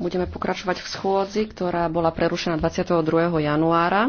Budeme pokračovať v schôdzi, ktorá bola prerušená 22. januára.